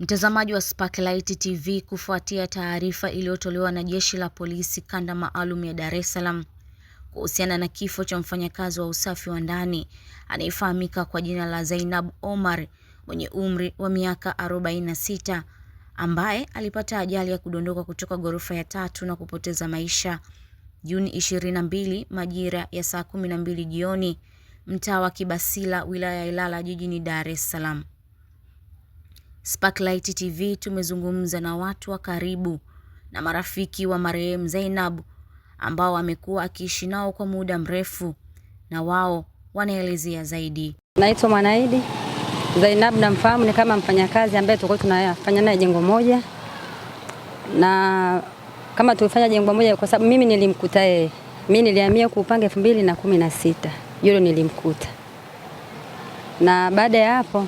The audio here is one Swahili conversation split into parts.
Mtazamaji wa Sparklight TV, kufuatia taarifa iliyotolewa na jeshi la polisi kanda maalum ya Dar es Salaam kuhusiana na kifo cha mfanyakazi wa usafi wa ndani anayefahamika kwa jina la Zainab Omar mwenye umri wa miaka 46 ambaye alipata ajali ya kudondoka kutoka ghorofa ya tatu na kupoteza maisha Juni 22 majira ya saa 12 jioni, mtaa wa Kibasila, wilaya ya Ilala, jijini Dar es Salaam. Sparklight TV tumezungumza na watu wa karibu na marafiki wa marehemu Zainab ambao amekuwa akiishi nao kwa muda mrefu, na wao wanaelezea zaidi. Naitwa Mwanaidi Zainab, namfahamu ni kama mfanyakazi ambaye tulikuwa tunafanya naye jengo moja, na kama tulifanya jengo moja kwa sababu mimi nilimkuta yeye, mimi nilihamia kuupanga elfu mbili na kumi na sita yule nilimkuta, na baada ya hapo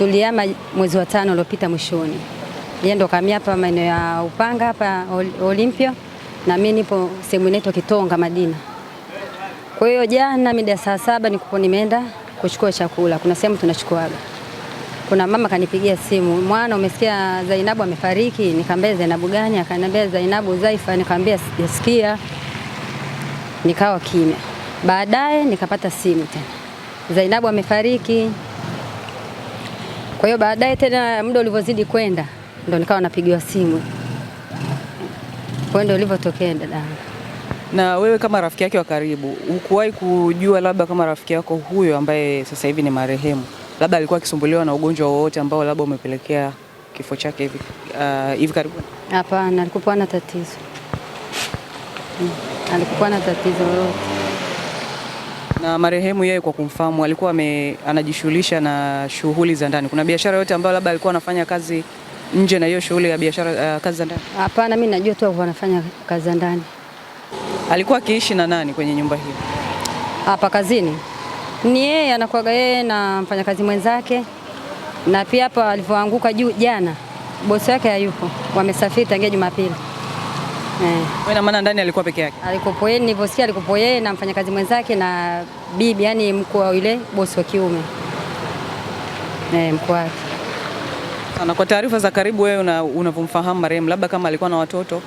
Tulihama mwezi wa tano uliopita mwishoni, yeye ndo kamia hapa maeneo ya Upanga hapa Olimpia, na mimi nipo sehemu inaitwa Kitonga Madina. Kwa hiyo jana mida saa saba nikupo nimeenda kuchukua chakula, kuna sehemu tunachukuaga, kuna mama kanipigia simu, mwana umesikia Zainabu amefariki? Nikamwambia Zainabu gani? Akaniambia Zainabu Zaifa. Nikamwambia sijasikia, nikawa kimya. Baadaye nikapata simu tena, Zainabu amefariki. Kwa hiyo baadaye tena muda ulivyozidi kwenda ndo nikawa napigiwa simu. Kwa ndio ulivyotokea dada. Na wewe kama rafiki yake wa karibu, ukuwahi kujua labda kama rafiki yako huyo ambaye sasa hivi ni marehemu, labda alikuwa akisumbuliwa na ugonjwa wowote ambao labda umepelekea kifo chake hivi uh, hivi karibuni? Hapana, alikuwa na tatizo. Hmm. Alikuwa na tatizo lolote na marehemu yeye kwa kumfahamu alikuwa ame, anajishughulisha na shughuli za ndani. Kuna biashara yote ambayo labda alikuwa anafanya kazi nje na hiyo shughuli ya biashara uh, kazi za ndani? Hapana, mimi najua tu alikuwa anafanya kazi za ndani. Alikuwa akiishi na nani kwenye nyumba hiyo? Hapa kazini ni yeye anakuaga yeye na mfanyakazi mwenzake, na pia hapa alivyoanguka juu jana, bosi wake hayupo, wamesafiri tangia Jumapili. Eh. Wewe na maana ndani alikuwa peke yake? Alikuwepo yeye, nilivyosikia alikuwepo yeye na mfanyakazi mwenzake na bibi, yani mkuu wa yule bosi wa kiume eh, mkuu wake. Sana. Kwa taarifa za karibu, wewe unavyomfahamu marehemu, labda kama alikuwa na watoto?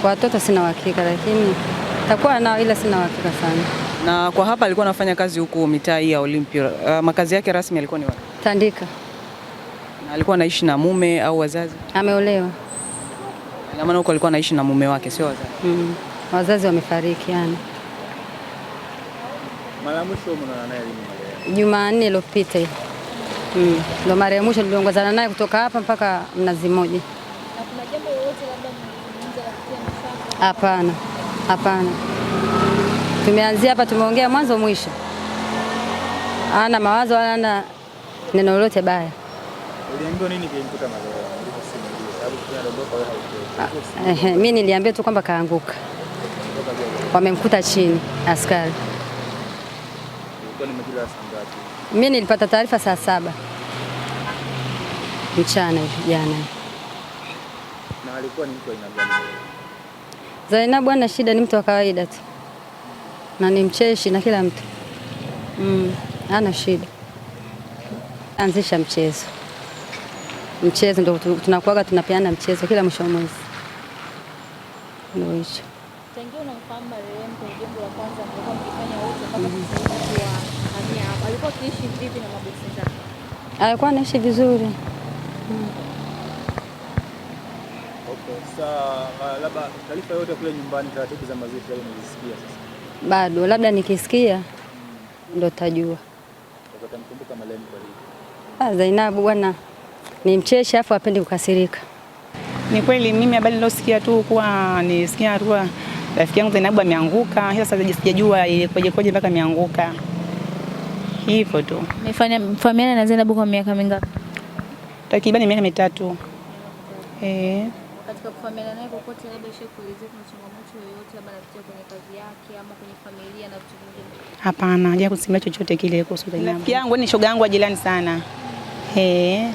Kwa watoto sina uhakika, lakini takuwa nao, ila sina uhakika sana. Na kwa hapa alikuwa anafanya kazi huku mitaa hii ya Olympia. Uh, makazi yake rasmi alikuwa ni wapi? Tandika. Na alikuwa anaishi na mume au wazazi? Ameolewa. Ina maana huko alikuwa anaishi na mume wake, sio wazazi? Mm. Wazazi wamefariki yani. Mara mwisho mnaona naye lini? Jumanne iliyopita hiyo. Mm. Ndio mara ya mwisho niliongozana naye kutoka hapa mpaka Mnazi Mmoja. Hapana, hapana, tumeanzia hapa, tumeongea mwanzo mwisho, ana mawazo wala ana neno lolote baya. Uliambiwa nini? Ah, mi niliambia tu kwamba kaanguka, wamemkuta chini askari. mi nilipata taarifa saa saba mchana jana. Zainabu ana shida, ni mtu wa kawaida tu na ni mcheshi na kila mtu mm, ana shida, anzisha mchezo mchezo ndio tunakuaga tunapeana mchezo kila mwisho wa mwezi. Ndio hicho. Tangia jengo la kwanza mkifanya wote mpaka kufikia mhm. hamia Alikuwa vipi na mabosi zake? Alikuwa anaishi vizuri. Okay, Labda taarifa yote kule nyumbani taratibu za nilisikia sasa. Bado labda nikisikia mm. ndo tajua. Ah, Zainabu bwana ni mcheshi afu apendi kukasirika. Ni kweli mimi habari nilosikia tu kuwa nisikia tu rafiki yangu Zainabu ameanguka, sasa sijajua ilikoje koje mpaka ameanguka hivyo tu. familia na Zainabu kwa miaka mingapi? Takriban miaka mitatu. Eh. Katika kufahamiana naye kokote, labda ishe kuelezea kuna changamoto yoyote labda anapitia kwenye kazi yake ama kwenye familia na vitu vingine? Hapana, hajakusemea chochote kile kuhusu Zainabu. Rafiki yangu ni yaani shoga yangu wa jirani sana. Eh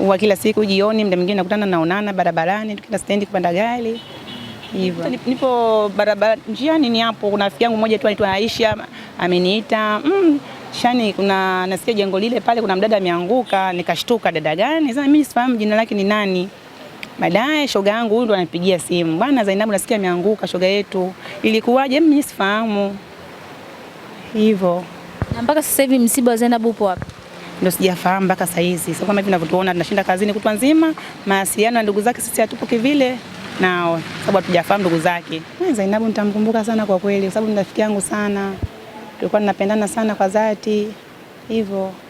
huwa kila siku jioni, mda mwingine nakutana naonana barabarani, tukienda stendi kupanda gari hivyo. Nipo barabara njiani, ni hapo kuna rafiki yangu mmoja tu anaitwa Aisha ameniita mm, Shani, kuna nasikia jengo lile pale, kuna mdada ameanguka. Nikashtuka, dada gani? Sasa mimi sifahamu jina lake ni nani. Baadaye shoga yangu huyu ndo anapigia simu, bwana Zainabu, nasikia ameanguka shoga yetu, ilikuwaje? Mimi sifahamu hivyo. Na mpaka sasa hivi msiba wa Zainabu upo wapi? ndio sijafahamu mpaka sasa hizi. Sasa kama hivi ninavyotuona tunashinda kazini kutwa nzima, mawasiliano ya ndugu zake sisi hatupo kivile nao sababu hatujafahamu ndugu zake. Zainabu nitamkumbuka sana kwa kweli, sababu ni rafiki yangu sana, tulikuwa tunapendana sana kwa dhati hivyo.